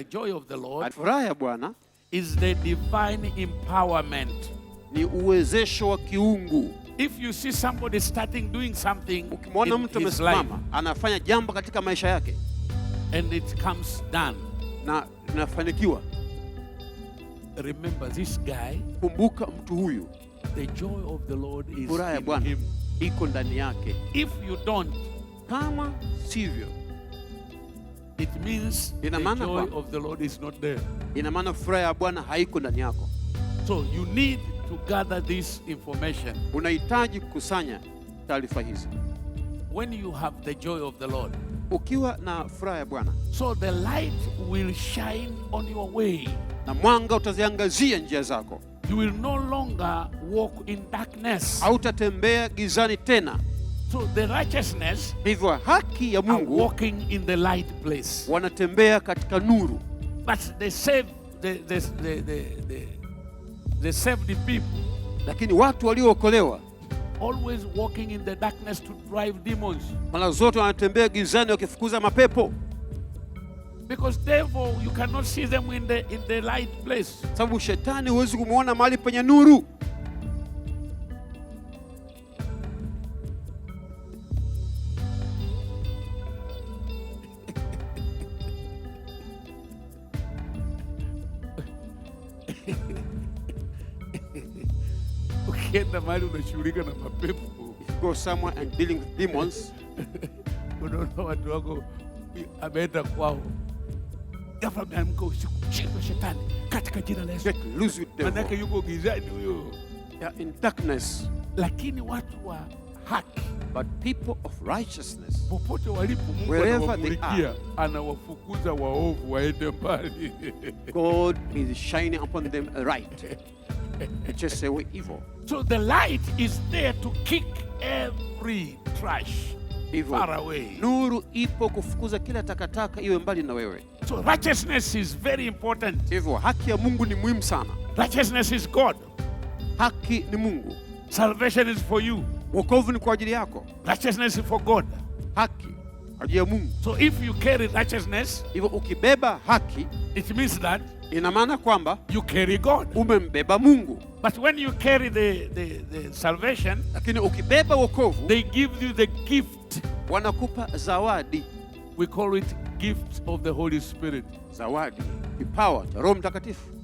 the joy of the Lord furaha ya Bwana is the divine empowerment. Ni uwezesho wa kiungu. If you see somebody starting doing something, ukimwona mtu amesimama anafanya jambo katika maisha yake and it comes done, na inafanikiwa remember this guy, kumbuka mtu huyu, the joy of the Lord is in him iko ndani yake. If you don't, kama sivyo It means ina maana the joy of the Lord is not there. Ina maana furaha ya Bwana haiko ndani yako. So you need to gather this information. Unahitaji kukusanya taarifa hizi. When you have the joy of the Lord. Ukiwa na furaha ya Bwana. So the light will shine on your way. Na mwanga utaziangazia njia zako. You will no longer walk in darkness. Hautatembea gizani tena to the righteousness hivyo haki ya Mungu walking in the light place. wanatembea katika nuru but they save the, the, the, the, the, the save the people lakini watu waliookolewa always walking in the darkness to drive demons mara zote wanatembea gizani wakifukuza mapepo because devil you cannot see them in the, in the light place sababu shetani huwezi kumwona mahali penye nuru ukienda mahali unashughulika na mapepo, go somewhere and dealing with demons, unaona watu wako ameenda kwao, ghafla ameamka usiku, shika shetani katika jina la Yesu. Get Manake yuko gizani huyo, in darkness. Lakini watu wa haki But people of righteousness, popote walipo, wherever they anawafukuza waovu waende mbali. God is shining upon them a just say we're evil. So the light is there to kick every trash Evil. far away. Nuru ipo kufukuza kila takataka iwe mbali na wewe. So righteousness is very important. Hivyo haki ya Mungu ni muhimu sana. Righteousness is God. Haki ni Mungu. Salvation is for you. Wokovu ni kwa ajili yako. Righteousness is for God. Haki ajili ya Mungu. So if you carry righteousness, hivyo ukibeba haki, it means that Ina maana kwamba you carry God, umembeba Mungu. But when you carry the, the, the salvation, lakini ukibeba wokovu, they give you the gift, wanakupa zawadi. We call it gift of the Holy Spirit, zawadi, kipawa cha Roho Mtakatifu.